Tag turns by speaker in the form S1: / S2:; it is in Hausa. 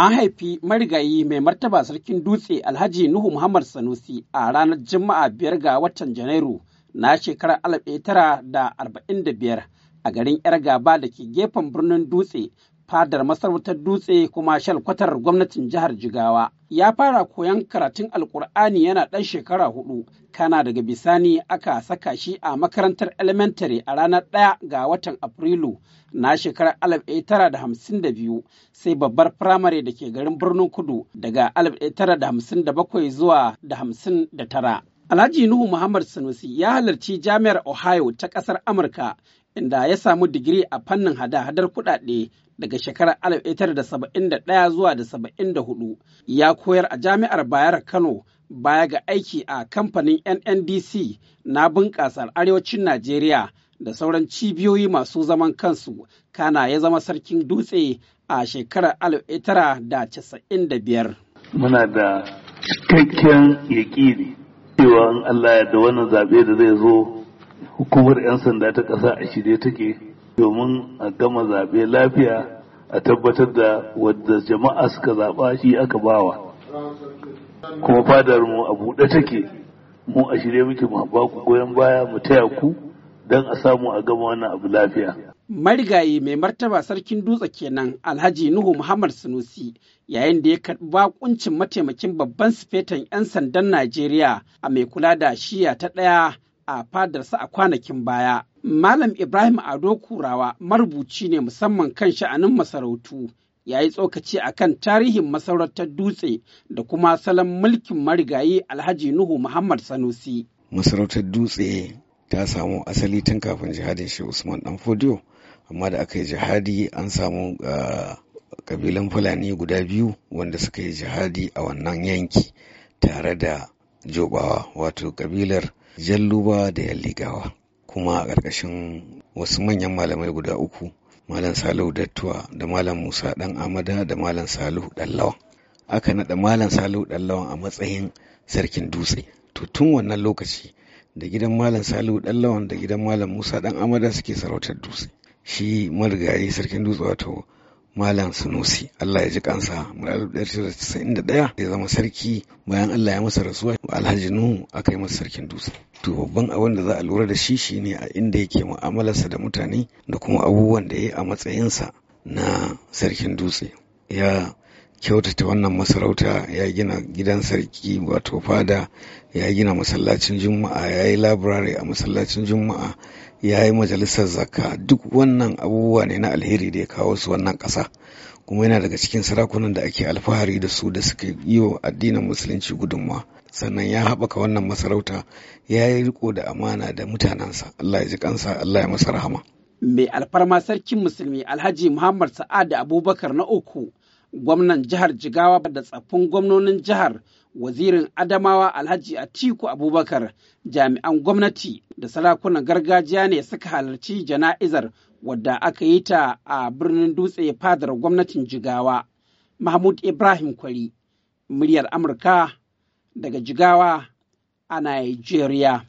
S1: An haifi marigayi mai martaba sarkin dutse Alhaji Nuhu Muhammad Sanusi a ranar Juma'a biyar ga watan Janairu na shekarar alif tara da arba'in da biyar a garin 'yar gaba da ke gefen birnin dutse fadar masarautar dutse kuma shalkwatar gwamnatin jihar Jigawa. Ya fara koyon karatun Alkur'ani yana ɗan shekara hudu, kana daga bisani aka saka shi a makarantar elementary a ranar ɗaya ga watan Afrilu na shekarar 1952 sai babbar firamare da ke garin birnin kudu daga 1957 zuwa da 59. Alhaji Nuhu Muhammad Sanusi ya halarci Jami'ar Ohio ta ƙasar Amurka inda ya samu digiri a fannin hada-hadar kuɗaɗe daga shekarar 1971 zuwa da 74 ya koyar a jami'ar bayar kano baya ga aiki a kamfanin nndc na bunƙasar arewacin najeriya da sauran cibiyoyi masu zaman kansu kana ya zama sarkin dutse a shekarar
S2: 1995 muna da cikakken yaƙini cewa Allah ya da wannan zaɓe da zai zo hukumar 'yan sanda ta ƙasa a shirye take domin a gama zaɓe lafiya a tabbatar da wadda jama'a suka zaɓa shi aka bawa kuma fadar mu a buɗe take mu a shirye muke mu ba ku goyon baya mu taya ku don a samu a gama wannan abu lafiya.
S1: Marigayi mai martaba sarkin dutse kenan Alhaji Nuhu Muhammad Sunusi yayin da ya karɓi bakuncin mataimakin babban sifetan 'yan sandan Najeriya a mai kula da shiya ta ɗaya a fadarsa a kwanakin baya. Malam Ibrahim Ado Kurawa marubuci ne musamman kan sha'anin masarautu ya yi tsokaci a kan tarihin masarautar dutse da kuma salon mulkin marigayi Alhaji Nuhu Muhammad Sanusi.
S3: Masarautar dutse ta samu asali tun kafin jihadin shi Usman Dan Fodiyo, amma da aka yi jihadi an samu kabilan ah, Fulani guda biyu wanda suka yi jihadi a wannan yanki tare da Jobawa wato kabilar jalluba da yalligawa kuma a ƙarƙashin wasu manyan malamai guda uku malam salihu dattuwa da malam musa dan amada da malam salihu dallawan aka naɗa malam salihu dallawan a matsayin sarkin dutse to tun wannan lokaci da gidan malam salihu dallawan da gidan malam musa Ɗan amada suke sarautar dutse shi marigayi sarkin dutse wato Malam Sunusi Allah ya ji kansa ɗaya ya zama sarki bayan Allah ya masa rasuwa Alhaji Nuhu aka yi masa sarkin dutse. To babban abin da za a lura da shi shine a inda yake mu'amalarsa da mutane da kuma abubuwan da ya yi a matsayinsa na sarkin dutse. Ya kyautata wannan masarauta ya gina gidan sarki wato fada ya gina masallacin juma'a ya yi laburare a masallacin juma'a ya yi majalisar zakka duk wannan abubuwa ne na alheri da ya kawo su wannan ƙasa kuma yana daga cikin sarakunan da ake alfahari da su da suka yi wa addinin musulunci gudunmawa sannan ya haɓaka wannan masarauta ya yi riko da amana da mutanensa Allah ya ji kansa Allah ya masa rahama.
S1: Mai alfarma sarkin musulmi Alhaji Muhammad Sa'ad Abubakar na uku gwamnan jihar Jigawa da tsaffin gwamnonin jihar wazirin Adamawa Alhaji Atiku Abubakar jami'an gwamnati da sarakunan gargajiya ne suka halarci jana'izar wadda aka yi ta a birnin dutse fadar gwamnatin Jigawa. Mahmud Ibrahim Kwari, muryar Amurka daga Jigawa a Nigeria.